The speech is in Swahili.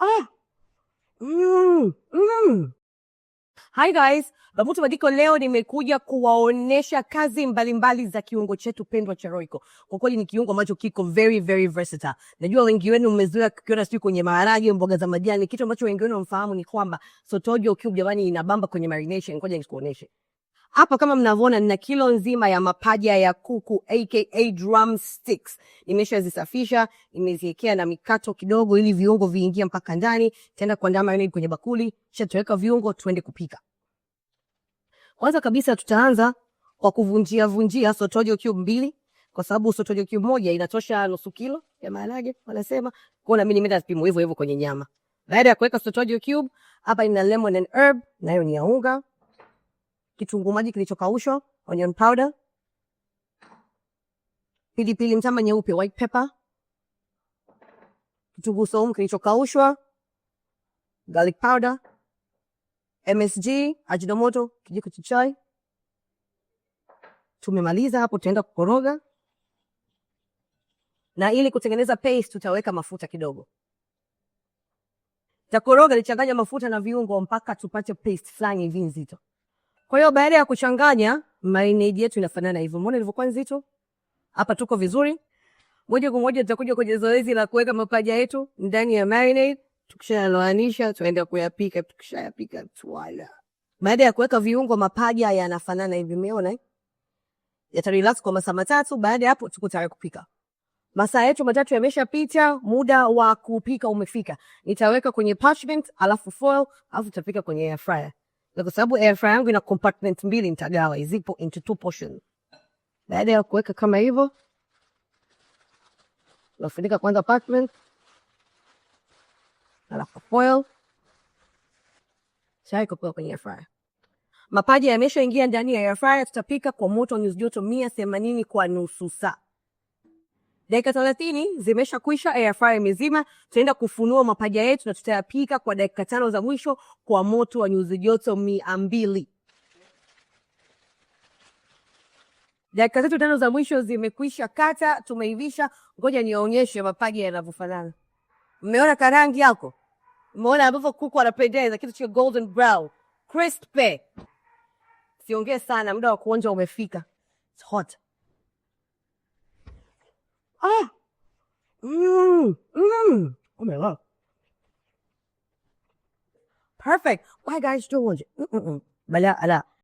Ah. Mm, mm. Hi guys, Babutu Madiko, leo nimekuja kuwaonesha kazi mbalimbali mbali za kiungo chetu pendwa cha Royco. Kwa kweli ni kiungo ambacho kiko very very versatile. Najua wengi wenu mmezoea kukiona sio kwenye maharage, mboga za majani. Kitu ambacho wengi wenu wamfahamu ni kwamba sotojo cube jamani inabamba kwenye marination. Ngoja nikuoneshe hapa kama mnavyoona nina kilo nzima ya mapaja ya kuku aka drum sticks. Nimeshazisafisha, nimeziwekea na mikato kidogo ili viungo viingie mpaka ndani. Tena kuandaa mayonnaise kwenye bakuli, kisha tutaweka viungo tuende kupika. Kwanza kabisa tutaanza kwa kuvunjia vunjia sotojo cube mbili kwa sababu sotojo cube moja inatosha nusu kilo ya maharage wanasema. Kwa hiyo mimi nimeenda vipimo hivyo hivyo kwenye nyama. Baada ya kuweka sotojo cube, hapa ina lemon and herb, nayo ni ya unga kitunguu maji kilichokaushwa, onion powder, pilipili mtama nyeupe, white pepper, kitunguu saumu kilichokaushwa, garlic powder, MSG, ajinomoto kijiko cha chai. Tumemaliza hapo, tutaenda kukoroga, na ili kutengeneza paste tutaweka mafuta kidogo. Takoroga lichanganya mafuta na viungo mpaka tupate paste fulani hivi nzito. Kwa hiyo baada ya kuchanganya marinade yetu inafanana hivyo. Umeona ilivyokuwa nzito? Hapa tuko vizuri. Moja kwa moja tutakuja kwenye zoezi la kuweka mapaja yetu ndani ya marinade. Tukishaloanisha tunaenda kuyapika, tukishayapika tuwala. Baada ya kuweka viungo, mapaja yanafanana hivi, umeona? Yatarelax kwa masaa matatu. Baada ya hapo tuko tayari kupika. Masaa yetu matatu yameshapita, muda wa kupika umefika. Nitaweka kwenye parchment, alafu foil, alafu tutapika kwenye air fryer na kwa sababu air yangu ina compartment mbili, nitagawa zipo into two portions. Baada ya kuweka kama hivyo, nafunika kwanza compartment, alafu foil chai kupoa kwenye air Mapaja yameshaingia ndani ya air tutapika kwa moto nyuzi joto mia themanini kwa nusu saa. Dakika thelathini kuisha, air fryer imezima. Tutaenda kufunua mapaja yetu na tutayapika kwa dakika tano za mwisho kwa moto wa nyuzi joto mia mbili. Dakika zetu tano za mwisho zimekwisha kata, tumeivisha. Ngoja niwaonyeshe mapaja yanavyofanana. Mmeona karangi yako, mmeona ambavyo kuku anapendeza, kitu cha golden brown crispy. Eh. Siongee sana, muda wa kuonja umefika. It's hot. あ Mmm, mm. Oh my God. Perfect. Why guys do mm mm Bala, ala.